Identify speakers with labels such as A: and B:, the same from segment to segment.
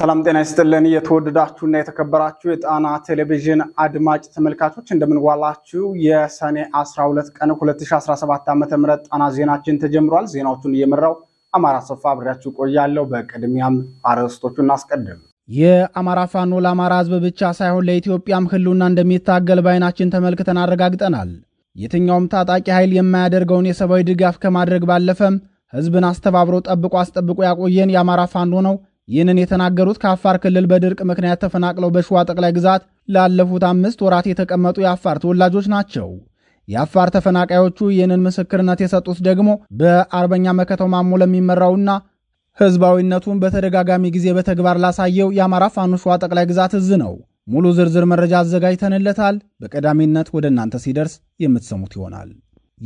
A: ሰላም ጤና ይስጥልን። የተወደዳችሁና የተከበራችሁ የጣና ቴሌቪዥን አድማጭ ተመልካቾች እንደምንዋላችሁ። የሰኔ 12 ቀን 2017 ዓ.ም ጣና ዜናችን ተጀምሯል። ዜናዎቹን እየመራው አማራ ሰፋ አብሬያችሁ ቆያለሁ። በቅድሚያም አርዕስቶቹ እናስቀድም። የአማራ ፋኖ ለአማራ ህዝብ ብቻ ሳይሆን ለኢትዮጵያም ህልውና እንደሚታገል በአይናችን ተመልክተን አረጋግጠናል። የትኛውም ታጣቂ ኃይል የማያደርገውን የሰብአዊ ድጋፍ ከማድረግ ባለፈም ህዝብን አስተባብሮ ጠብቆ አስጠብቆ ያቆየን የአማራ ፋኖ ነው። ይህንን የተናገሩት ከአፋር ክልል በድርቅ ምክንያት ተፈናቅለው በሸዋ ጠቅላይ ግዛት ላለፉት አምስት ወራት የተቀመጡ የአፋር ተወላጆች ናቸው። የአፋር ተፈናቃዮቹ ይህንን ምስክርነት የሰጡት ደግሞ በአርበኛ መከተው ማሞ ለሚመራውና ህዝባዊነቱን በተደጋጋሚ ጊዜ በተግባር ላሳየው የአማራ ፋኖ ሸዋ ጠቅላይ ግዛት እዝ ነው። ሙሉ ዝርዝር መረጃ አዘጋጅተንለታል። በቀዳሚነት ወደ እናንተ ሲደርስ የምትሰሙት ይሆናል።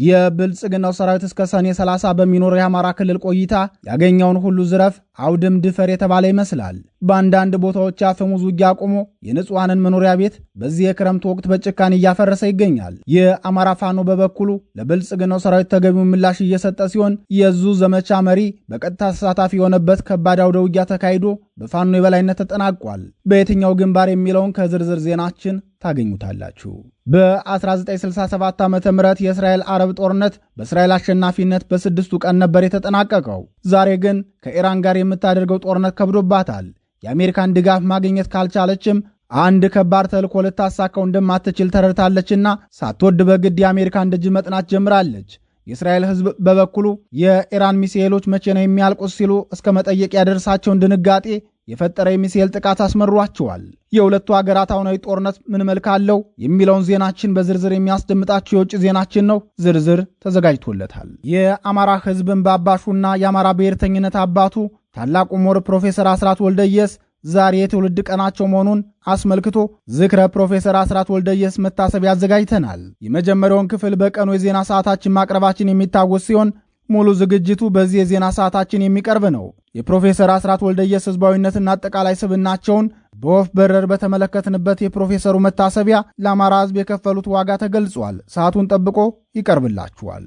A: የብልጽግናው ሰራዊት እስከ ሰኔ 30 በሚኖር የአማራ ክልል ቆይታ ያገኘውን ሁሉ ዝረፍ፣ አውድም፣ ድፈር የተባለ ይመስላል። በአንዳንድ ቦታዎች አፈሙዝ ውጊያ አቁሞ የንጹሐንን መኖሪያ ቤት በዚህ የክረምት ወቅት በጭካን እያፈረሰ ይገኛል። የአማራ ፋኖ በበኩሉ ለብልጽግናው ሰራዊት ተገቢውን ምላሽ እየሰጠ ሲሆን የዙ ዘመቻ መሪ በቀጥታ ተሳታፊ የሆነበት ከባድ አውደ ውጊያ ተካሂዶ በፋኖ የበላይነት ተጠናቋል። በየትኛው ግንባር የሚለውን ከዝርዝር ዜናችን ታገኙታላችሁ። በ1967 ዓ ም የእስራኤል አረብ ጦርነት በእስራኤል አሸናፊነት በስድስቱ ቀን ነበር የተጠናቀቀው። ዛሬ ግን ከኢራን ጋር የምታደርገው ጦርነት ከብዶባታል። የአሜሪካን ድጋፍ ማግኘት ካልቻለችም አንድ ከባድ ተልእኮ ልታሳካው እንደማትችል ተረድታለችና ሳትወድ በግድ የአሜሪካን ደጅ መጥናት ጀምራለች። የእስራኤል ሕዝብ በበኩሉ የኢራን ሚሳኤሎች መቼ ነው የሚያልቁት ሲሉ እስከ መጠየቅ ያደርሳቸውን ድንጋጤ የፈጠረ የሚሳኤል ጥቃት አስመሯቸዋል። የሁለቱ ሀገራት አሁናዊ ጦርነት ምን መልክ አለው የሚለውን ዜናችን በዝርዝር የሚያስደምጣችሁ የውጭ ዜናችን ነው። ዝርዝር ተዘጋጅቶለታል። የአማራ ሕዝብን በአባሹና የአማራ ብሔርተኝነት አባቱ ታላቁ ሞር ፕሮፌሰር አስራት ወልደየስ ዛሬ የትውልድ ቀናቸው መሆኑን አስመልክቶ ዝክረ ፕሮፌሰር አስራት ወልደየስ መታሰቢያ አዘጋጅተናል። የመጀመሪያውን ክፍል በቀኑ የዜና ሰዓታችን ማቅረባችን የሚታወስ ሲሆን ሙሉ ዝግጅቱ በዚህ የዜና ሰዓታችን የሚቀርብ ነው። የፕሮፌሰር አስራት ወልደየስ ህዝባዊነትና አጠቃላይ ስብናቸውን በወፍ በረር በተመለከትንበት የፕሮፌሰሩ መታሰቢያ ለአማራ ህዝብ የከፈሉት ዋጋ ተገልጿል። ሰዓቱን ጠብቆ ይቀርብላችኋል።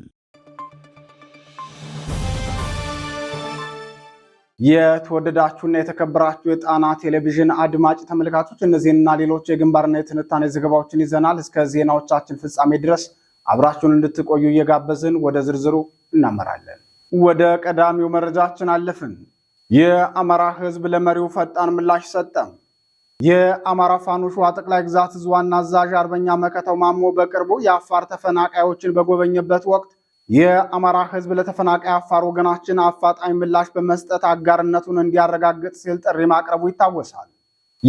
A: የተወደዳችሁና የተከበራችሁ የጣና ቴሌቪዥን አድማጭ ተመልካቾች፣ እነዚህንና ሌሎች የግንባርና የትንታኔ ዘገባዎችን ይዘናል። እስከ ዜናዎቻችን ፍጻሜ ድረስ አብራችሁን እንድትቆዩ እየጋበዝን ወደ ዝርዝሩ እናመራለን። ወደ ቀዳሚው መረጃችን አለፍን። የአማራ ህዝብ ለመሪው ፈጣን ምላሽ ሰጠም። የአማራ ፋኖ ሸዋ ጠቅላይ ግዛት ዕዝ ዋና አዛዥ አርበኛ መከተው ማሞ በቅርቡ የአፋር ተፈናቃዮችን በጎበኘበት ወቅት የአማራ ህዝብ ለተፈናቃይ አፋር ወገናችን አፋጣኝ ምላሽ በመስጠት አጋርነቱን እንዲያረጋግጥ ሲል ጥሪ ማቅረቡ ይታወሳል።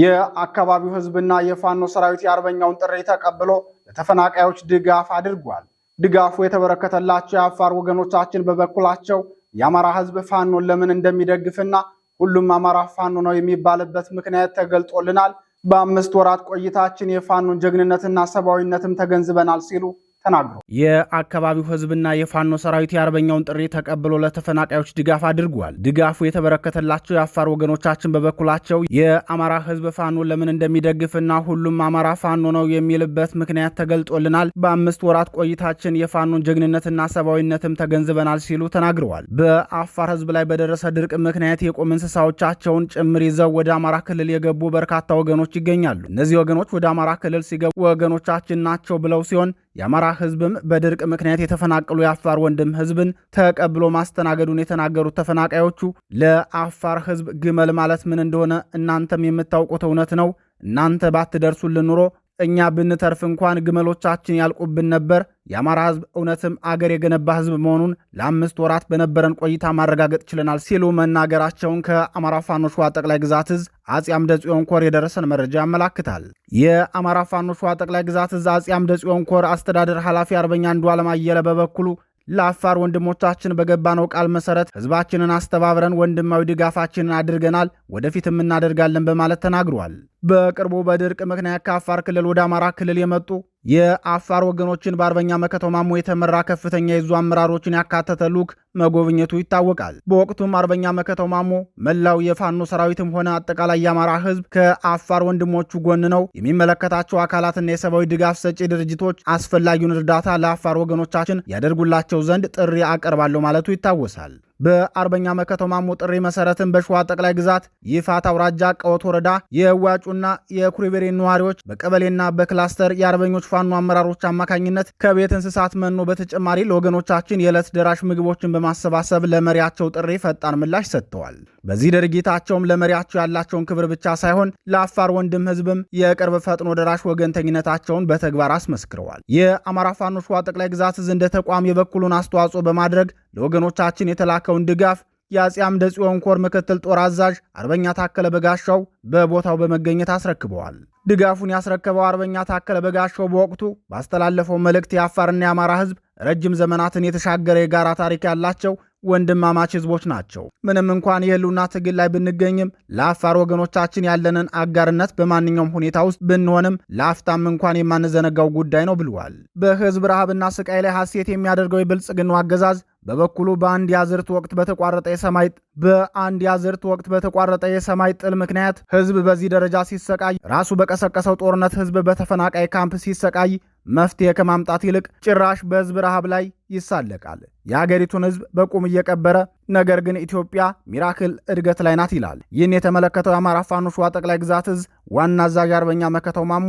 A: የአካባቢው ህዝብና የፋኖ ሰራዊት የአርበኛውን ጥሪ ተቀብሎ ለተፈናቃዮች ድጋፍ አድርጓል። ድጋፉ የተበረከተላቸው የአፋር ወገኖቻችን በበኩላቸው የአማራ ህዝብ ፋኖን ለምን እንደሚደግፍና ሁሉም አማራ ፋኖ ነው የሚባልበት ምክንያት ተገልጦልናል። በአምስት ወራት ቆይታችን የፋኖን ጀግንነትና ሰብአዊነትም ተገንዝበናል ሲሉ ተናግሮ የአካባቢው ህዝብና የፋኖ ሰራዊት የአርበኛውን ጥሪ ተቀብሎ ለተፈናቃዮች ድጋፍ አድርጓል። ድጋፉ የተበረከተላቸው የአፋር ወገኖቻችን በበኩላቸው የአማራ ህዝብ ፋኖ ለምን እንደሚደግፍና ሁሉም አማራ ፋኖ ነው የሚልበት ምክንያት ተገልጦልናል። በአምስት ወራት ቆይታችን የፋኖን ጀግንነትና ሰብአዊነትም ተገንዝበናል ሲሉ ተናግረዋል። በአፋር ህዝብ ላይ በደረሰ ድርቅ ምክንያት የቆም እንስሳዎቻቸውን ጭምር ይዘው ወደ አማራ ክልል የገቡ በርካታ ወገኖች ይገኛሉ። እነዚህ ወገኖች ወደ አማራ ክልል ሲገቡ ወገኖቻችን ናቸው ብለው ሲሆን የአማራ ህዝብም በድርቅ ምክንያት የተፈናቀሉ የአፋር ወንድም ህዝብን ተቀብሎ ማስተናገዱን የተናገሩት ተፈናቃዮቹ ለአፋር ህዝብ ግመል ማለት ምን እንደሆነ እናንተም የምታውቁት እውነት ነው። እናንተ ባትደርሱልን ኑሮ እኛ ብንተርፍ እንኳን ግመሎቻችን ያልቁብን ነበር። የአማራ ህዝብ እውነትም አገር የገነባ ህዝብ መሆኑን ለአምስት ወራት በነበረን ቆይታ ማረጋገጥ ችለናል ሲሉ መናገራቸውን ከአማራ ፋኖ ሸዋ ጠቅላይ ግዛት እዝ አጼ አምደ ጽዮን ኮር የደረሰን መረጃ ያመላክታል። የአማራ ፋኖ ሸዋ ጠቅላይ ግዛት እዝ አጼ አምደ ጽዮን ኮር አስተዳደር ኃላፊ አርበኛ አንዱ አለም አየለ በበኩሉ ለአፋር ወንድሞቻችን በገባነው ቃል መሰረት ህዝባችንን አስተባብረን ወንድማዊ ድጋፋችንን አድርገናል፣ ወደፊትም እናደርጋለን በማለት ተናግሯል። በቅርቡ በድርቅ ምክንያት ከአፋር ክልል ወደ አማራ ክልል የመጡ የአፋር ወገኖችን በአርበኛ መከተው ማሞ የተመራ ከፍተኛ የዙ አመራሮችን ያካተተ ሉክ መጎብኘቱ ይታወቃል። በወቅቱም አርበኛ መከተው ማሞ መላው የፋኖ ሰራዊትም ሆነ አጠቃላይ የአማራ ሕዝብ ከአፋር ወንድሞቹ ጎን ነው። የሚመለከታቸው አካላትና የሰብአዊ ድጋፍ ሰጪ ድርጅቶች አስፈላጊውን እርዳታ ለአፋር ወገኖቻችን ያደርጉላቸው ዘንድ ጥሪ አቀርባለሁ ማለቱ ይታወሳል። በአርበኛ መከተው ማሞ ጥሪ መሰረትን በሸዋ ጠቅላይ ግዛት ይፋት አውራጃ ቀወት ወረዳ የዋጩና የኩሪቤሬ ነዋሪዎች በቀበሌና በክላስተር የአርበኞች ፋኖ አመራሮች አማካኝነት ከቤት እንስሳት መኖ በተጨማሪ ለወገኖቻችን የዕለት ደራሽ ምግቦችን በማሰባሰብ ለመሪያቸው ጥሪ ፈጣን ምላሽ ሰጥተዋል። በዚህ ድርጊታቸውም ለመሪያቸው ያላቸውን ክብር ብቻ ሳይሆን ለአፋር ወንድም ህዝብም የቅርብ ፈጥኖ ደራሽ ወገንተኝነታቸውን በተግባር አስመስክረዋል። የአማራ ፋኖ ሸዋ ጠቅላይ ግዛት እዝ እንደ ተቋም የበኩሉን አስተዋጽኦ በማድረግ ለወገኖቻችን የተላ የላከውን ድጋፍ የአጼ አምደ ጽዮን ኮር ምክትል ጦር አዛዥ አርበኛ ታከለ በጋሻው በቦታው በመገኘት አስረክበዋል። ድጋፉን ያስረከበው አርበኛ ታከለ በጋሻው በወቅቱ ባስተላለፈው መልእክት የአፋርና የአማራ ህዝብ ረጅም ዘመናትን የተሻገረ የጋራ ታሪክ ያላቸው ወንድማማች ህዝቦች ናቸው። ምንም እንኳን የህልውና ትግል ላይ ብንገኝም ለአፋር ወገኖቻችን ያለንን አጋርነት በማንኛውም ሁኔታ ውስጥ ብንሆንም ለአፍታም እንኳን የማንዘነጋው ጉዳይ ነው ብለዋል። በህዝብ ረሃብና ስቃይ ላይ ሀሴት የሚያደርገው የብልጽግናው አገዛዝ በበኩሉ በአንድ ያዝርት ወቅት በተቋረጠ የሰማይ በአንድ ያዝርት ወቅት በተቋረጠ የሰማይ ጥል ምክንያት ህዝብ በዚህ ደረጃ ሲሰቃይ ራሱ በቀሰቀሰው ጦርነት ህዝብ በተፈናቃይ ካምፕ ሲሰቃይ መፍትሄ ከማምጣት ይልቅ ጭራሽ በህዝብ ረሃብ ላይ ይሳለቃል። የአገሪቱን ህዝብ በቁም እየቀበረ ነገር ግን ኢትዮጵያ ሚራክል እድገት ላይ ናት ይላል። ይህን የተመለከተው የአማራ ፋኖ ሸዋ ጠቅላይ ግዛት እዝ ዋና አዛዥ አርበኛ መከተው ማሞ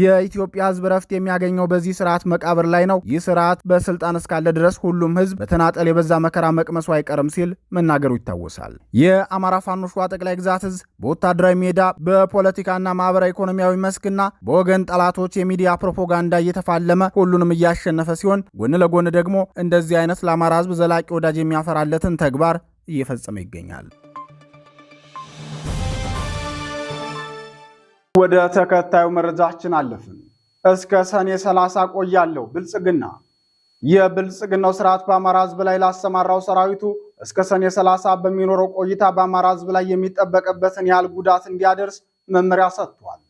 A: የኢትዮጵያ ህዝብ ረፍት የሚያገኘው በዚህ ስርዓት መቃብር ላይ ነው። ይህ ስርዓት በስልጣን እስካለ ድረስ ሁሉም ህዝብ በተናጠል የበዛ መከራ መቅመሱ አይቀርም ሲል መናገሩ ይታወሳል። የአማራ ፋኖ ሸዋ ጠቅላይ ግዛት እዝ በወታደራዊ ሜዳ በፖለቲካና ማህበራዊ ኢኮኖሚያዊ መስክና በወገን ጠላቶች የሚዲያ ፕሮፓጋንዳ እየተፋለመ ሁሉንም እያሸነፈ ሲሆን፣ ጎን ለጎን ደግሞ እንደዚህ አይነት ለአማራ ህዝብ ዘላቂ ወዳጅ የሚያፈራለትን ተግባር እየፈጸመ ይገኛል። ወደ ተከታዩ መረጃችን አለፍን። እስከ ሰኔ 30 ቆያለው ብልጽግና የብልጽግናው ስርዓት በአማራ ህዝብ ላይ ላሰማራው ሰራዊቱ እስከ ሰኔ 30 በሚኖረው ቆይታ በአማራ ህዝብ ላይ የሚጠበቅበትን ያህል ጉዳት እንዲያደርስ መመሪያ ሰጥቷል።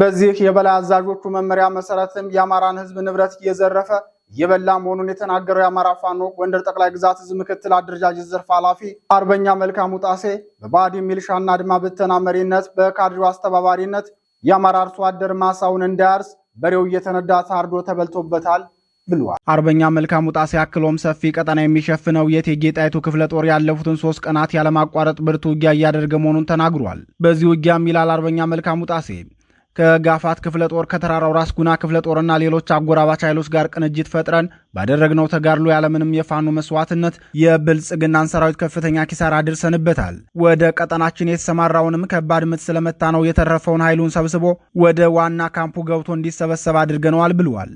A: በዚህ የበላይ አዛዦቹ መመሪያ መሰረትም የአማራን ህዝብ ንብረት እየዘረፈ እየበላ መሆኑን የተናገረው የአማራ ፋኖ ጎንደር ጠቅላይ ግዛት እዝ ምክትል አደረጃጀት ዘርፍ ኃላፊ አርበኛ መልካሙ ጣሴ በባዲ ሚልሻና አድማ ብተና መሪነት በካድሬው አስተባባሪነት የአማራ አርሶ አደር ማሳውን እንዳያርስ በሬው እየተነዳ ታርዶ ተበልቶበታል ብሏል። አርበኛ መልካሙ ጣሴ አክሎም ሰፊ ቀጠና የሚሸፍነው የእቴጌ ጣይቱ ክፍለ ጦር ያለፉትን ሶስት ቀናት ያለማቋረጥ ብርቱ ውጊያ እያደረገ መሆኑን ተናግሯል። በዚህ ውጊያም ይላል አርበኛ መልካሙ ጣሴ ከጋፋት ክፍለ ጦር ከተራራው ራስ ጉና ክፍለ ጦርና ሌሎች አጎራባች ኃይሎች ጋር ቅንጅት ፈጥረን ባደረግነው ተጋድሎ ያለምንም የፋኖ መስዋዕትነት የብልጽግናን ሰራዊት ከፍተኛ ኪሳራ አድርሰንበታል። ወደ ቀጠናችን የተሰማራውንም ከባድ ምት ስለመታ ነው የተረፈውን ኃይሉን ሰብስቦ ወደ ዋና ካምፑ ገብቶ እንዲሰበሰብ አድርገነዋል ብለዋል።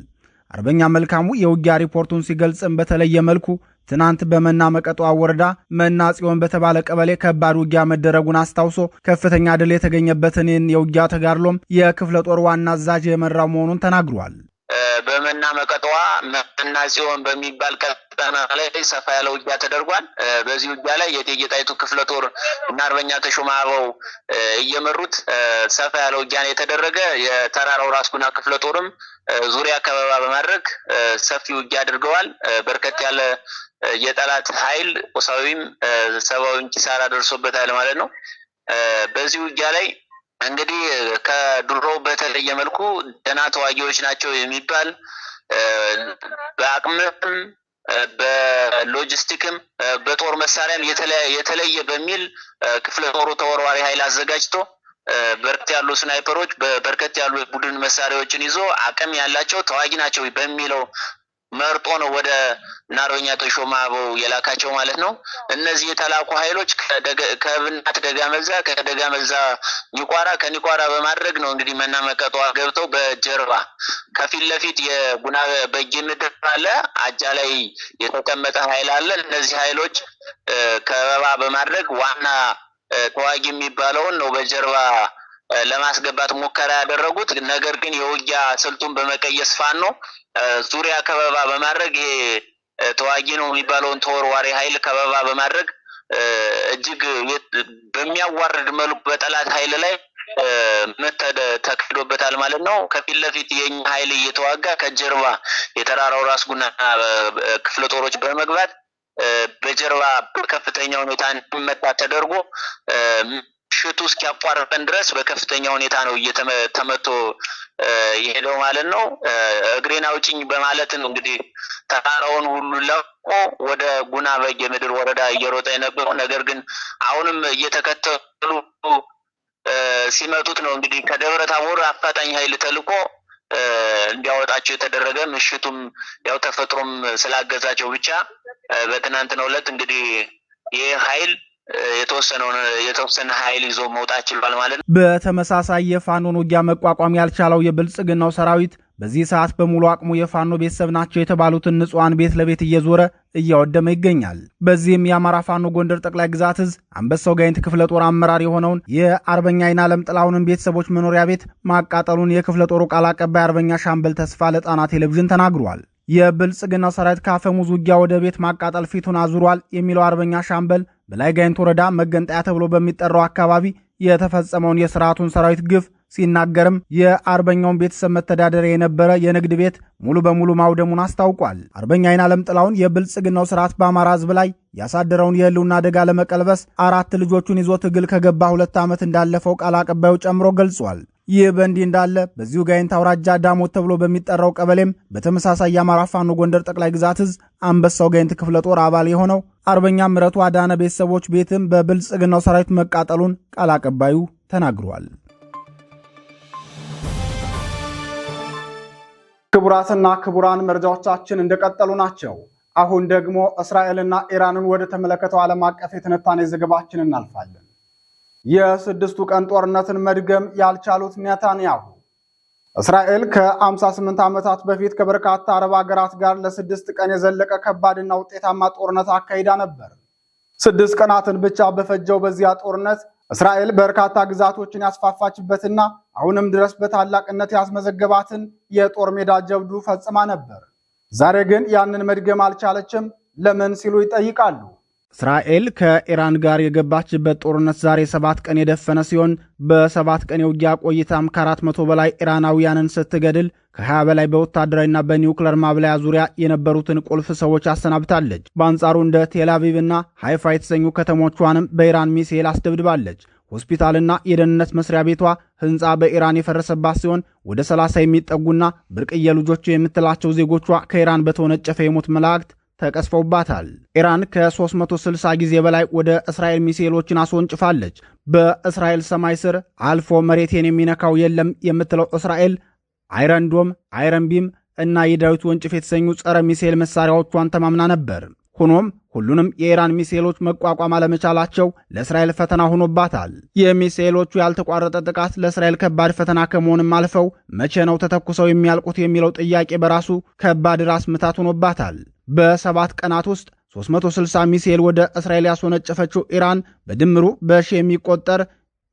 A: አርበኛ መልካሙ የውጊያ ሪፖርቱን ሲገልጽም በተለየ መልኩ ትናንት በመና መቀጧ ወረዳ መና ጽዮን በተባለ ቀበሌ ከባድ ውጊያ መደረጉን አስታውሶ ከፍተኛ ድል የተገኘበትን የውጊያ ተጋድሎም የክፍለ ጦር ዋና አዛዥ የመራው መሆኑን ተናግሯል።
B: በመና መቀጠዋ መና ጽዮን በሚባል ቀጠና ላይ ሰፋ ያለ ውጊያ ተደርጓል። በዚህ ውጊያ ላይ የእቴጌ ጣይቱ ክፍለ ጦር እና አርበኛ ተሾመ አበው እየመሩት ሰፋ ያለ ውጊያ የተደረገ የተራራው ራስ ጉና ክፍለ ጦርም ዙሪያ ከበባ በማድረግ ሰፊ ውጊያ አድርገዋል። በርከት ያለ የጠላት ኃይል ቁሳዊም ሰብአዊም ኪሳራ ደርሶበታል ማለት ነው። በዚህ ውጊያ ላይ እንግዲህ ከድሮ በተለየ መልኩ ደህና ተዋጊዎች ናቸው የሚባል በአቅምም በሎጂስቲክም በጦር መሳሪያም የተለየ በሚል ክፍለ ጦሩ ተወርዋሪ ኃይል አዘጋጅቶ በርከት ያሉ ስናይፐሮች በርከት ያሉ ቡድን መሳሪያዎችን ይዞ አቅም ያላቸው ተዋጊ ናቸው በሚለው መርጦ ነው ወደ ናርበኛ ተሾመ አበው የላካቸው ማለት ነው። እነዚህ የተላኩ ኃይሎች ከብናት ደጋ መዛ፣ ከደጋ መዛ ኒቋራ፣ ከኒቋራ በማድረግ ነው እንግዲህ መናመቀጧ ገብተው በጀርባ ከፊት ለፊት የጉና በጌ ምድር አለ፣ አጃ ላይ የተቀመጠ ኃይል አለ። እነዚህ ኃይሎች ከበባ በማድረግ ዋና ተዋጊ የሚባለውን ነው በጀርባ ለማስገባት ሙከራ ያደረጉት። ነገር ግን የውጊያ ስልቱን በመቀየስ ፋኖ ዙሪያ ከበባ በማድረግ ይሄ ተዋጊ ነው የሚባለውን ተወርዋሪ ኃይል ከበባ በማድረግ እጅግ በሚያዋርድ መልኩ በጠላት ኃይል ላይ ምት ተካሂዶበታል ማለት ነው። ከፊት ለፊት የኛ ኃይል እየተዋጋ ከጀርባ የተራራው ራስ ጉና ክፍለ ጦሮች በመግባት በጀርባ በከፍተኛ ሁኔታ እንዲመጣ ተደርጎ ምሽቱ እስኪያቋርጠን ድረስ በከፍተኛ ሁኔታ ነው እየተመቶ የሄደው ማለት ነው። እግሬን አውጭኝ በማለት ነው እንግዲህ ተራራውን ሁሉ ለቆ ወደ ጉና በጌምድር ወረዳ እየሮጠ የነበረው። ነገር ግን አሁንም እየተከተሉ ሲመጡት ነው እንግዲህ ከደብረ ታቦር አፋጣኝ ኃይል ተልኮ እንዲያወጣቸው የተደረገ ምሽቱም ያው ተፈጥሮም ስላገዛቸው ብቻ በትናንትናው ዕለት እንግዲህ ይህ ኃይል የተወሰነውን የተወሰነ ኃይል ይዞ መውጣት ችሏል ማለት ነው።
A: በተመሳሳይ የፋኖን ውጊያ መቋቋም ያልቻለው የብልጽግናው ሰራዊት በዚህ ሰዓት በሙሉ አቅሙ የፋኖ ቤተሰብ ናቸው የተባሉትን ንጹሐን ቤት ለቤት እየዞረ እያወደመ ይገኛል። በዚህም የአማራ ፋኖ ጎንደር ጠቅላይ ግዛት እዝ አንበሳው ጋይንት ክፍለ ጦር አመራር የሆነውን የአርበኛ አይን አለም ጥላሁንን ቤተሰቦች መኖሪያ ቤት ማቃጠሉን የክፍለ ጦሩ ቃል አቀባይ አርበኛ ሻምበል ተስፋ ለጣና ቴሌቪዥን ተናግሯል። የብልጽግና ሰራዊት ከአፈሙዝ ውጊያ ወደ ቤት ማቃጠል ፊቱን አዙሯል የሚለው አርበኛ ሻምበል በላይ ጋይንት ወረዳ መገንጠያ ተብሎ በሚጠራው አካባቢ የተፈጸመውን የስርዓቱን ሰራዊት ግፍ ሲናገርም የአርበኛውን ቤተሰብ መተዳደሪያ የነበረ የንግድ ቤት ሙሉ በሙሉ ማውደሙን አስታውቋል። አርበኛ አይን አለም ጥላውን የብልጽግናው ስርዓት በአማራ ህዝብ ላይ ያሳደረውን የህልውና አደጋ ለመቀልበስ አራት ልጆቹን ይዞ ትግል ከገባ ሁለት ዓመት እንዳለፈው ቃል አቀባዩ ጨምሮ ገልጿል። ይህ በእንዲህ እንዳለ በዚሁ ጋይንት አውራጃ ዳሞት ተብሎ በሚጠራው ቀበሌም በተመሳሳይ የአማራ ፋኖ ጎንደር ጠቅላይ ግዛት እዝ አንበሳው ጋይንት ክፍለ ጦር አባል የሆነው አርበኛ ምረቱ አዳነ ቤተሰቦች ቤትም በብልጽግናው ሰራዊት መቃጠሉን ቃል አቀባዩ ተናግሯል። ክቡራትና ክቡራን መረጃዎቻችን እንደቀጠሉ ናቸው። አሁን ደግሞ እስራኤልና ኢራንን ወደ ተመለከተው ዓለም አቀፍ የትንታኔ ዘገባችን እናልፋለን። የስድስቱ ቀን ጦርነትን መድገም ያልቻሉት ኔታንያሁ እስራኤል ከ58 ዓመታት በፊት ከበርካታ አረብ ሀገራት ጋር ለስድስት ቀን የዘለቀ ከባድና ውጤታማ ጦርነት አካሂዳ ነበር። ስድስት ቀናትን ብቻ በፈጀው በዚያ ጦርነት እስራኤል በርካታ ግዛቶችን ያስፋፋችበትና አሁንም ድረስ በታላቅነት ያስመዘገባትን የጦር ሜዳ ጀብዱ ፈጽማ ነበር። ዛሬ ግን ያንን መድገም አልቻለችም። ለምን ሲሉ ይጠይቃሉ። እስራኤል ከኢራን ጋር የገባችበት ጦርነት ዛሬ ሰባት ቀን የደፈነ ሲሆን በሰባት ቀን የውጊያ ቆይታም ከአራት መቶ በላይ ኢራናውያንን ስትገድል ከ20 በላይ በወታደራዊና በኒውክለር ማብላያ ዙሪያ የነበሩትን ቁልፍ ሰዎች አሰናብታለች። በአንጻሩ እንደ ቴልአቪቭና ሃይፋ የተሰኙ ከተሞቿንም በኢራን ሚሳኤል አስደብድባለች። ሆስፒታልና የደህንነት መስሪያ ቤቷ ህንፃ በኢራን የፈረሰባት ሲሆን ወደ 30 የሚጠጉና ብርቅዬ ልጆች የምትላቸው ዜጎቿ ከኢራን በተወነጨፈ የሞት መላእክት ተቀስፈውባታል። ኢራን ከ360 ጊዜ በላይ ወደ እስራኤል ሚሳኤሎችን አስወንጭፋለች። በእስራኤል ሰማይ ስር አልፎ መሬቴን የሚነካው የለም የምትለው እስራኤል አይረንዶም፣ አይረንቢም እና የዳዊት ወንጭፍ የተሰኙ ጸረ ሚሳኤል መሳሪያዎቿን ተማምና ነበር። ሆኖም ሁሉንም የኢራን ሚሳኤሎች መቋቋም አለመቻላቸው ለእስራኤል ፈተና ሆኖባታል። የሚሳኤሎቹ ያልተቋረጠ ጥቃት ለእስራኤል ከባድ ፈተና ከመሆንም አልፈው መቼ ነው ተተኩሰው የሚያልቁት የሚለው ጥያቄ በራሱ ከባድ ራስ ምታት ሆኖባታል። በሰባት ቀናት ውስጥ 360 ሚሳኤል ወደ እስራኤል ያስወነጨፈችው ኢራን በድምሩ በሺ የሚቆጠር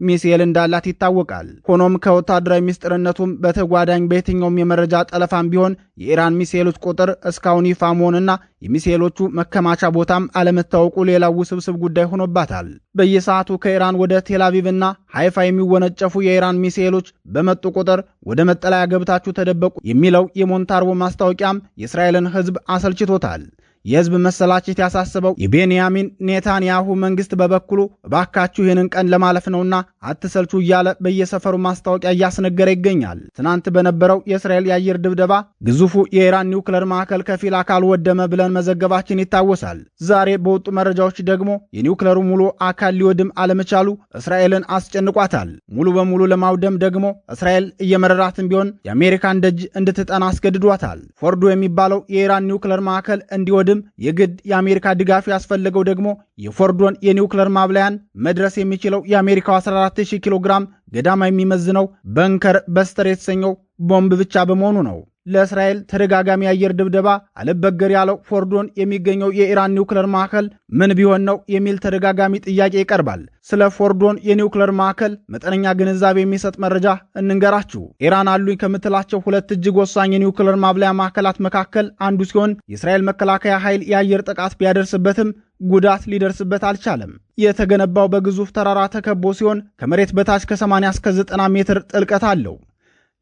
A: ሚሳኤል እንዳላት ይታወቃል። ሆኖም ከወታደራዊ ሚስጥርነቱም በተጓዳኝ በየትኛውም የመረጃ ጠለፋም ቢሆን የኢራን ሚሳኤሎች ቁጥር እስካሁን ይፋ መሆንና የሚሳኤሎቹ መከማቻ ቦታም አለመታወቁ ሌላው ውስብስብ ጉዳይ ሆኖባታል። በየሰዓቱ ከኢራን ወደ ቴልአቪቭና ሃይፋ የሚወነጨፉ የኢራን ሚሳኤሎች በመጡ ቁጥር ወደ መጠለያ ገብታችሁ ተደበቁ የሚለው የሞንታርቦ ማስታወቂያም የእስራኤልን ሕዝብ አሰልችቶታል። የህዝብ መሰላቸት ያሳስበው የቤንያሚን ኔታንያሁ መንግስት በበኩሉ እባካችሁ ይህንን ቀን ለማለፍ ነውና አትሰልቹ እያለ በየሰፈሩ ማስታወቂያ እያስነገረ ይገኛል። ትናንት በነበረው የእስራኤል የአየር ድብደባ ግዙፉ የኢራን ኒውክለር ማዕከል ከፊል አካል ወደመ ብለን መዘገባችን ይታወሳል። ዛሬ በወጡ መረጃዎች ደግሞ የኒውክለሩ ሙሉ አካል ሊወድም አለመቻሉ እስራኤልን አስጨንቋታል። ሙሉ በሙሉ ለማውደም ደግሞ እስራኤል እየመረራትን ቢሆን የአሜሪካን ደጅ እንድትጠና አስገድዷታል። ፎርዶ የሚባለው የኢራን ኒውክለር ማዕከል እንዲወድም ቢልም የግድ የአሜሪካ ድጋፍ ያስፈለገው ደግሞ የፎርዶን የኒውክለር ማብላያን መድረስ የሚችለው የአሜሪካው 14000 ኪሎ ግራም ገዳማ የሚመዝነው በንከር በስተር የተሰኘው ቦምብ ብቻ በመሆኑ ነው። ለእስራኤል ተደጋጋሚ አየር ድብደባ አልበገር ያለው ፎርዶን የሚገኘው የኢራን ኒውክለር ማዕከል ምን ቢሆን ነው የሚል ተደጋጋሚ ጥያቄ ይቀርባል። ስለ ፎርዶን የኒውክለር ማዕከል መጠነኛ ግንዛቤ የሚሰጥ መረጃ እንንገራችሁ። ኢራን አሉኝ ከምትላቸው ሁለት እጅግ ወሳኝ የኒውክለር ማብለያ ማዕከላት መካከል አንዱ ሲሆን የእስራኤል መከላከያ ኃይል የአየር ጥቃት ቢያደርስበትም ጉዳት ሊደርስበት አልቻለም። የተገነባው በግዙፍ ተራራ ተከቦ ሲሆን ከመሬት በታች ከ80 እስከ 90 ሜትር ጥልቀት አለው።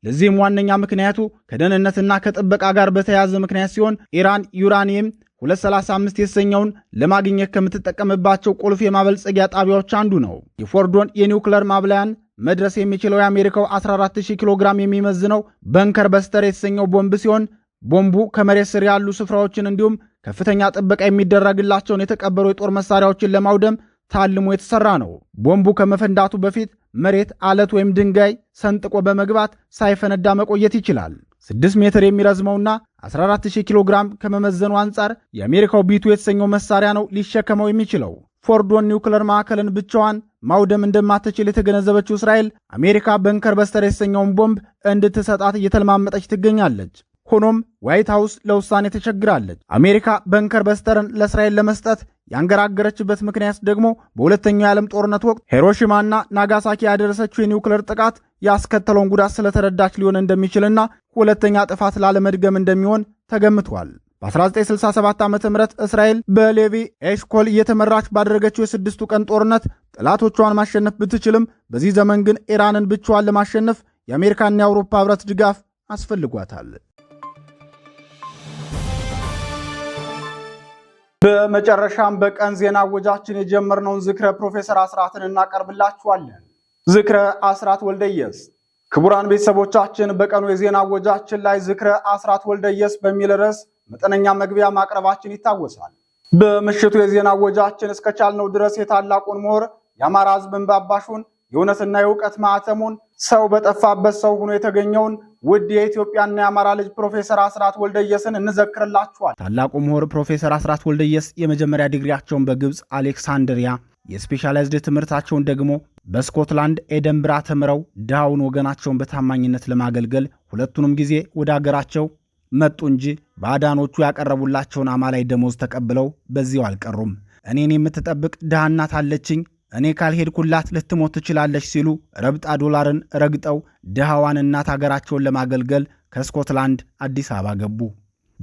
A: ለዚህም ዋነኛ ምክንያቱ ከደህንነትና ከጥበቃ ጋር በተያያዘ ምክንያት ሲሆን ኢራን ዩራኒየም 235 የተሰኘውን ለማግኘት ከምትጠቀምባቸው ቁልፍ የማበልጸጊያ ጣቢያዎች አንዱ ነው። የፎርዶን የኒውክለር ማብላያን መድረስ የሚችለው የአሜሪካው 140 ኪሎ ግራም የሚመዝነው በንከር በስተር የተሰኘው ቦምብ ሲሆን ቦምቡ ከመሬት ስር ያሉ ስፍራዎችን እንዲሁም ከፍተኛ ጥበቃ የሚደረግላቸውን የተቀበሩ የጦር መሳሪያዎችን ለማውደም ታልሞ የተሰራ ነው። ቦምቡ ከመፈንዳቱ በፊት መሬት አለት ወይም ድንጋይ ሰንጥቆ በመግባት ሳይፈነዳ መቆየት ይችላል። 6 ሜትር የሚረዝመውና 140 ኪሎ ግራም ከመመዘኑ አንጻር የአሜሪካው ቢቱ የተሰኘው መሳሪያ ነው ሊሸከመው የሚችለው። ፎርዶን ኒውክለር ማዕከልን ብቻዋን ማውደም እንደማትችል የተገነዘበችው እስራኤል አሜሪካ በንከር በስተር የተሰኘውን ቦምብ እንድትሰጣት እየተለማመጠች ትገኛለች። ሆኖም ዋይት ሀውስ ለውሳኔ ተቸግራለች። አሜሪካ በንከር በስተርን ለእስራኤል ለመስጠት ያንገራገረችበት ምክንያት ደግሞ በሁለተኛው የዓለም ጦርነት ወቅት ሂሮሺማና ናጋሳኪ ያደረሰችው የኒውክለር ጥቃት ያስከተለውን ጉዳት ስለተረዳች ሊሆን እንደሚችልና ሁለተኛ ጥፋት ላለመድገም እንደሚሆን ተገምቷል። በ1967 ዓ ም እስራኤል በሌቪ ኤሽኮል እየተመራች ባደረገችው የስድስቱ ቀን ጦርነት ጠላቶቿን ማሸነፍ ብትችልም በዚህ ዘመን ግን ኢራንን ብቻዋን ለማሸነፍ የአሜሪካና የአውሮፓ ህብረት ድጋፍ አስፈልጓታል። በመጨረሻም በቀን ዜና ወጃችን የጀመርነውን ዝክረ ፕሮፌሰር አስራትን እናቀርብላችኋለን። ዝክረ አስራት ወልደየስ ክቡራን ቤተሰቦቻችን በቀኑ የዜና ወጃችን ላይ ዝክረ አስራት ወልደየስ በሚል ርዕስ መጠነኛ መግቢያ ማቅረባችን ይታወሳል። በምሽቱ የዜና ወጃችን እስከ ቻልነው ድረስ የታላቁን ምሁር የአማራ ሕዝብ እንባባሹን የእውነትና የእውቀት ማዕተሙን ሰው በጠፋበት ሰው ሆኖ የተገኘውን ውድ የኢትዮጵያና የአማራ ልጅ ፕሮፌሰር አስራት ወልደየስን እንዘክርላችኋል። ታላቁ ምሁር ፕሮፌሰር አስራት ወልደየስ የመጀመሪያ ዲግሪያቸውን በግብፅ አሌክሳንድሪያ የስፔሻላይዝድ ትምህርታቸውን ደግሞ በስኮትላንድ ኤደንብራ ተምረው ድሃውን ወገናቸውን በታማኝነት ለማገልገል ሁለቱንም ጊዜ ወደ አገራቸው መጡ እንጂ ባዕዳኖቹ ያቀረቡላቸውን አማላይ ደሞዝ ተቀብለው በዚያው አልቀሩም። እኔን የምትጠብቅ ድሃ እናት አለችኝ፣ እኔ ካልሄድኩላት ልትሞት ትችላለች ሲሉ ረብጣ ዶላርን ረግጠው ድሃዋን እናት አገራቸውን ለማገልገል ከስኮትላንድ አዲስ አበባ ገቡ።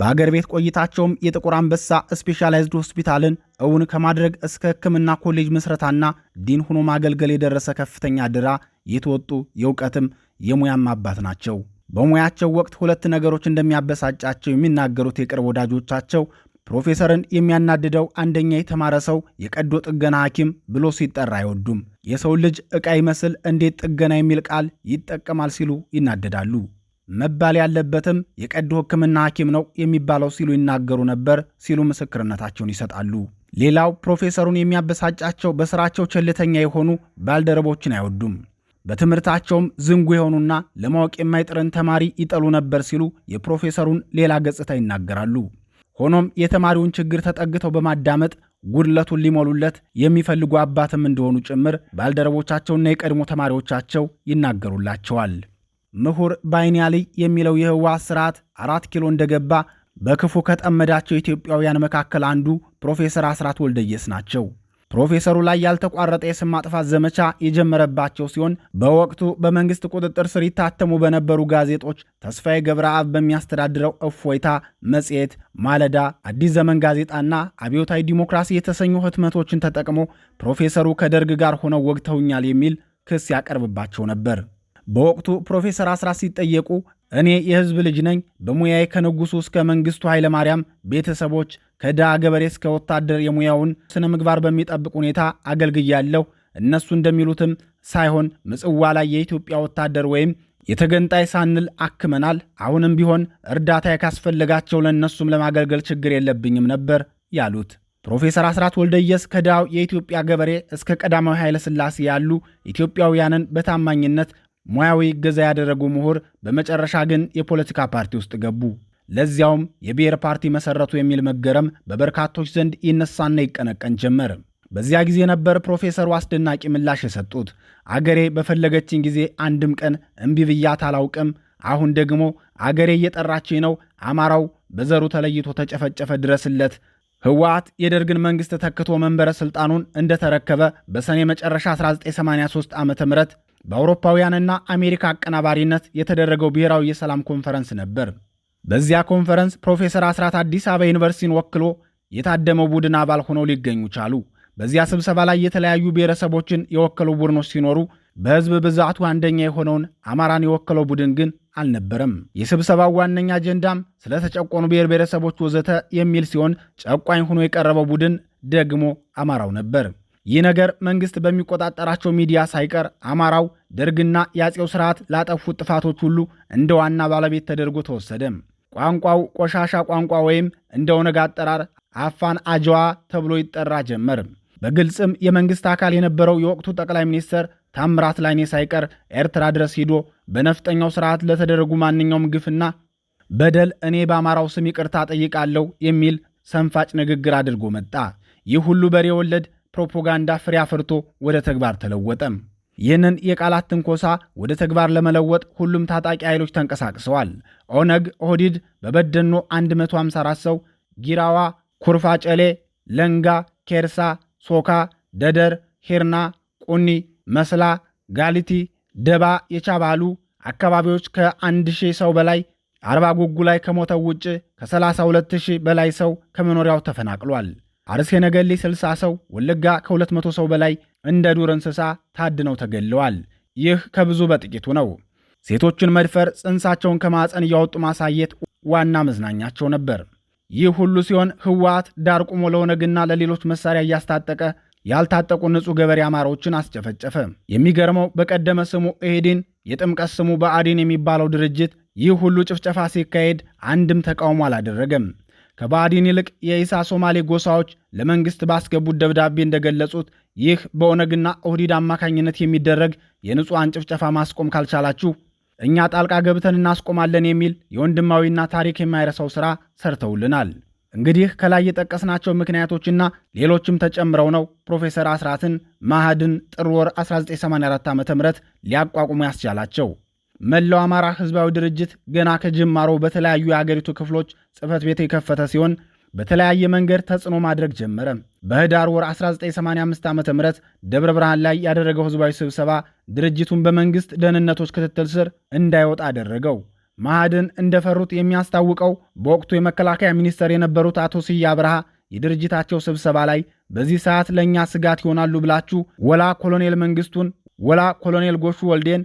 A: በአገር ቤት ቆይታቸውም የጥቁር አንበሳ ስፔሻላይዝድ ሆስፒታልን እውን ከማድረግ እስከ ሕክምና ኮሌጅ ምስረታና ዲን ሆኖ ማገልገል የደረሰ ከፍተኛ ድራ የተወጡ የእውቀትም የሙያም አባት ናቸው። በሙያቸው ወቅት ሁለት ነገሮች እንደሚያበሳጫቸው የሚናገሩት የቅርብ ወዳጆቻቸው ፕሮፌሰርን የሚያናድደው አንደኛ የተማረ ሰው የቀዶ ጥገና ሐኪም ብሎ ሲጠራ አይወዱም። የሰው ልጅ ዕቃ ይመስል እንዴት ጥገና የሚል ቃል ይጠቀማል ሲሉ ይናደዳሉ። መባል ያለበትም የቀዶ ሕክምና ሐኪም ነው የሚባለው ሲሉ ይናገሩ ነበር ሲሉ ምስክርነታቸውን ይሰጣሉ። ሌላው ፕሮፌሰሩን የሚያበሳጫቸው በስራቸው ቸልተኛ የሆኑ ባልደረቦችን አይወዱም። በትምህርታቸውም ዝንጉ የሆኑና ለማወቅ የማይጥርን ተማሪ ይጠሉ ነበር ሲሉ የፕሮፌሰሩን ሌላ ገጽታ ይናገራሉ። ሆኖም የተማሪውን ችግር ተጠግተው በማዳመጥ ጉድለቱን ሊሞሉለት የሚፈልጉ አባትም እንደሆኑ ጭምር ባልደረቦቻቸውና የቀድሞ ተማሪዎቻቸው ይናገሩላቸዋል። ምሁር ባይኔ አልይ የሚለው የህወሓት ስርዓት አራት ኪሎ እንደገባ በክፉ ከጠመዳቸው ኢትዮጵያውያን መካከል አንዱ ፕሮፌሰር አስራት ወልደየስ ናቸው። ፕሮፌሰሩ ላይ ያልተቋረጠ የስም ማጥፋት ዘመቻ የጀመረባቸው ሲሆን በወቅቱ በመንግስት ቁጥጥር ስር ይታተሙ በነበሩ ጋዜጦች ተስፋዬ ገብረአብ በሚያስተዳድረው እፎይታ መጽሔት፣ ማለዳ፣ አዲስ ዘመን ጋዜጣና አብዮታዊ ዲሞክራሲ የተሰኙ ህትመቶችን ተጠቅሞ ፕሮፌሰሩ ከደርግ ጋር ሆነው ወግተውኛል የሚል ክስ ያቀርብባቸው ነበር። በወቅቱ ፕሮፌሰር አስራት ሲጠየቁ እኔ የህዝብ ልጅ ነኝ፣ በሙያዬ ከንጉሱ እስከ መንግስቱ ኃይለማርያም ቤተሰቦች ከድሃ ገበሬ እስከ ወታደር የሙያውን ስነ ምግባር በሚጠብቅ ሁኔታ አገልግያለሁ። እነሱ እንደሚሉትም ሳይሆን ምጽዋ ላይ የኢትዮጵያ ወታደር ወይም የተገንጣይ ሳንል አክመናል። አሁንም ቢሆን እርዳታ ካስፈለጋቸው ለእነሱም ለማገልገል ችግር የለብኝም ነበር ያሉት ፕሮፌሰር አስራት ወልደየስ ከድሃው የኢትዮጵያ ገበሬ እስከ ቀዳማዊ ኃይለ ሥላሴ ያሉ ኢትዮጵያውያንን በታማኝነት ሙያዊ እገዛ ያደረጉ ምሁር፣ በመጨረሻ ግን የፖለቲካ ፓርቲ ውስጥ ገቡ። ለዚያውም የብሔር ፓርቲ መሰረቱ የሚል መገረም በበርካቶች ዘንድ ይነሳና ይቀነቀን ጀመር። በዚያ ጊዜ ነበር ፕሮፌሰሩ አስደናቂ ምላሽ የሰጡት። አገሬ በፈለገችኝ ጊዜ አንድም ቀን እምቢ ብያት አላውቅም። አሁን ደግሞ አገሬ እየጠራችኝ ነው። አማራው በዘሩ ተለይቶ ተጨፈጨፈ፣ ድረስለት። ህወሓት የደርግን መንግሥት ተክቶ መንበረ ሥልጣኑን እንደተረከበ በሰኔ መጨረሻ 1983 ዓ ም በአውሮፓውያንና አሜሪካ አቀናባሪነት የተደረገው ብሔራዊ የሰላም ኮንፈረንስ ነበር። በዚያ ኮንፈረንስ ፕሮፌሰር አስራት አዲስ አበባ ዩኒቨርሲቲን ወክሎ የታደመው ቡድን አባል ሆነው ሊገኙ ቻሉ። በዚያ ስብሰባ ላይ የተለያዩ ብሔረሰቦችን የወከሉ ቡድኖች ሲኖሩ በሕዝብ ብዛቱ አንደኛ የሆነውን አማራን የወከለው ቡድን ግን አልነበረም። የስብሰባው ዋነኛ አጀንዳም ስለ ተጨቆኑ ብሔር ብሔረሰቦች ወዘተ የሚል ሲሆን ጨቋኝ ሆኖ የቀረበው ቡድን ደግሞ አማራው ነበር። ይህ ነገር መንግስት በሚቆጣጠራቸው ሚዲያ ሳይቀር አማራው ደርግና የአፄው ስርዓት ላጠፉት ጥፋቶች ሁሉ እንደ ዋና ባለቤት ተደርጎ ተወሰደ። ቋንቋው ቆሻሻ ቋንቋ ወይም እንደ ኦነግ አጠራር አፋን አጅዋ ተብሎ ይጠራ ጀመር። በግልጽም የመንግስት አካል የነበረው የወቅቱ ጠቅላይ ሚኒስትር ታምራት ላይኔ ሳይቀር ኤርትራ ድረስ ሂዶ በነፍጠኛው ስርዓት ለተደረጉ ማንኛውም ግፍና በደል እኔ በአማራው ስም ይቅርታ ጠይቃለሁ የሚል ሰንፋጭ ንግግር አድርጎ መጣ። ይህ ሁሉ በሬ ወለድ ፕሮፓጋንዳ ፍሬ አፍርቶ ወደ ተግባር ተለወጠም። ይህንን የቃላት ትንኮሳ ወደ ተግባር ለመለወጥ ሁሉም ታጣቂ ኃይሎች ተንቀሳቅሰዋል። ኦነግ ኦህዲድ በበደኖ 154 ሰው፣ ጊራዋ፣ ኩርፋ፣ ጨሌ፣ ለንጋ፣ ኬርሳ፣ ሶካ፣ ደደር፣ ሄርና ቁኒ፣ መስላ፣ ጋሊቲ፣ ደባ የቻባሉ አካባቢዎች ከ1000 ሰው በላይ አርባ ጉጉ ላይ ከሞተው ውጭ ከ32000 በላይ ሰው ከመኖሪያው ተፈናቅሏል። አርሴ ነገሌ 60 ሰው፣ ወለጋ ከ200 ሰው በላይ እንደ ዱር እንስሳ ታድነው ተገለዋል። ይህ ከብዙ በጥቂቱ ነው። ሴቶችን መድፈር፣ ጽንሳቸውን ከማፀን እያወጡ ማሳየት ዋና መዝናኛቸው ነበር። ይህ ሁሉ ሲሆን ህወሓት ዳር ቆሞ ለኦነግና ለሌሎች መሳሪያ እያስታጠቀ ያልታጠቁ ንጹሕ ገበሬ አማሮችን አስጨፈጨፈ። የሚገርመው በቀደመ ስሙ ኢህዴን፣ የጥምቀት ስሙ ብአዴን የሚባለው ድርጅት ይህ ሁሉ ጭፍጨፋ ሲካሄድ አንድም ተቃውሞ አላደረገም። ከባዕዲን ይልቅ የኢሳ ሶማሌ ጎሳዎች ለመንግስት ባስገቡት ደብዳቤ እንደገለጹት ይህ በኦነግና ኦህዲድ አማካኝነት የሚደረግ የንጹሐን ጭፍጨፋ ማስቆም ካልቻላችሁ እኛ ጣልቃ ገብተን እናስቆማለን የሚል የወንድማዊና ታሪክ የማይረሳው ሥራ ሰርተውልናል። እንግዲህ ከላይ የጠቀስናቸው ምክንያቶችና ሌሎችም ተጨምረው ነው ፕሮፌሰር አስራትን ማህድን ጥር ወር 1984 ዓ ም ሊያቋቁሙ ያስቻላቸው። መላው አማራ ህዝባዊ ድርጅት ገና ከጅማሮ በተለያዩ የአገሪቱ ክፍሎች ጽህፈት ቤት የከፈተ ሲሆን በተለያየ መንገድ ተጽዕኖ ማድረግ ጀመረ። በህዳር ወር 1985 ዓ ም ደብረ ብርሃን ላይ ያደረገው ህዝባዊ ስብሰባ ድርጅቱን በመንግሥት ደህንነቶች ክትትል ስር እንዳይወጣ አደረገው። መሃድን እንደፈሩት የሚያስታውቀው በወቅቱ የመከላከያ ሚኒስተር የነበሩት አቶ ስዬ አብርሃ የድርጅታቸው ስብሰባ ላይ በዚህ ሰዓት ለእኛ ስጋት ይሆናሉ ብላችሁ ወላ ኮሎኔል መንግስቱን ወላ ኮሎኔል ጎሹ ወልዴን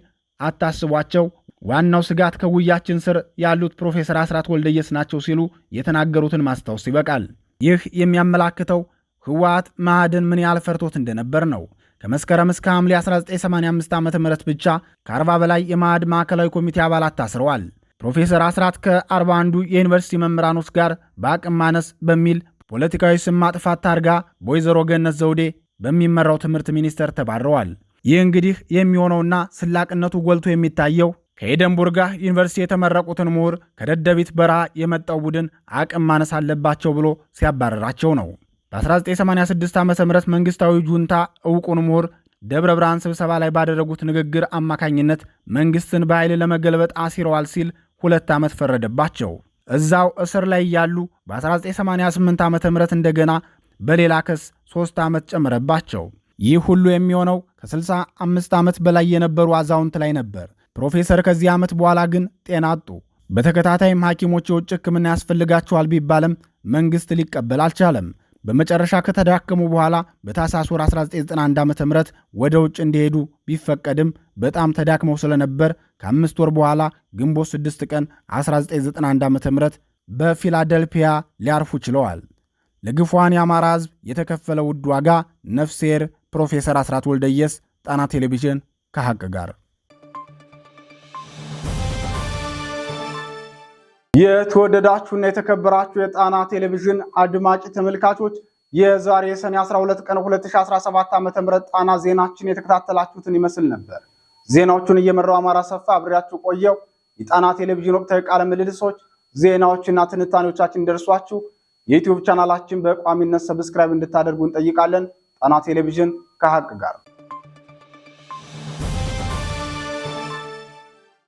A: አታስቧቸው ዋናው ስጋት ከጉያችን ስር ያሉት ፕሮፌሰር አስራት ወልደየስ ናቸው ሲሉ የተናገሩትን ማስታወስ ይበቃል። ይህ የሚያመላክተው ህወሓት ማዕድን ምን ያህል ፈርቶት እንደነበር ነው። ከመስከረም እስከ ሐምሌ 1985 ዓ ም ብቻ ከ40 በላይ የማዕድ ማዕከላዊ ኮሚቴ አባላት ታስረዋል። ፕሮፌሰር አስራት ከአርባ አንዱ የዩኒቨርሲቲ መምህራኖች ጋር በአቅም ማነስ በሚል ፖለቲካዊ ስም ማጥፋት ታርጋ በወይዘሮ ገነት ዘውዴ በሚመራው ትምህርት ሚኒስቴር ተባረዋል። ይህ እንግዲህ የሚሆነውና ስላቅነቱ ጎልቶ የሚታየው ከኤደንቡርጋ ዩኒቨርሲቲ የተመረቁትን ምሁር ከደደቢት በረሃ የመጣው ቡድን አቅም ማነስ አለባቸው ብሎ ሲያባረራቸው ነው። በ1986 ዓ ም መንግስታዊ ጁንታ እውቁን ምሁር ደብረ ብርሃን ስብሰባ ላይ ባደረጉት ንግግር አማካኝነት መንግስትን በኃይል ለመገልበጥ አሲረዋል ሲል ሁለት ዓመት ፈረደባቸው። እዛው እስር ላይ እያሉ በ1988 ዓ ም እንደገና በሌላ ክስ ሦስት ዓመት ጨምረባቸው። ይህ ሁሉ የሚሆነው ከ65 ዓመት በላይ የነበሩ አዛውንት ላይ ነበር። ፕሮፌሰር ከዚህ ዓመት በኋላ ግን ጤና አጡ። በተከታታይም ሐኪሞች የውጭ ሕክምና ያስፈልጋቸዋል ቢባልም መንግሥት ሊቀበል አልቻለም። በመጨረሻ ከተዳከሙ በኋላ በታህሳስ ወር 1991 .ም ወደ ውጭ እንዲሄዱ ቢፈቀድም በጣም ተዳክመው ስለነበር ከአምስት ወር በኋላ ግንቦት 6 ቀን 1991 ም በፊላደልፊያ ሊያርፉ ችለዋል። ለግፏን የአማራ ሕዝብ የተከፈለ ውድ ዋጋ ነፍሴር ፕሮፌሰር አስራት ወልደየስ ጣና ቴሌቪዥን ከሀቅ ጋር የተወደዳችሁና የተከበራችሁ የጣና ቴሌቪዥን አድማጭ ተመልካቾች የዛሬ የሰኔ 12 ቀን 2017 ም ጣና ዜናችን የተከታተላችሁትን ይመስል ነበር። ዜናዎቹን እየመራው አማራ ሰፋ አብሬያችሁ ቆየው። የጣና ቴሌቪዥን ወቅታዊ ቃለ ምልልሶች፣ ዜናዎችና ትንታኔዎቻችን ደርሷችሁ የዩትዩብ ቻናላችን በቋሚነት ሰብስክራይብ እንድታደርጉ እንጠይቃለን። ጣና ቴሌቪዥን कहा कगार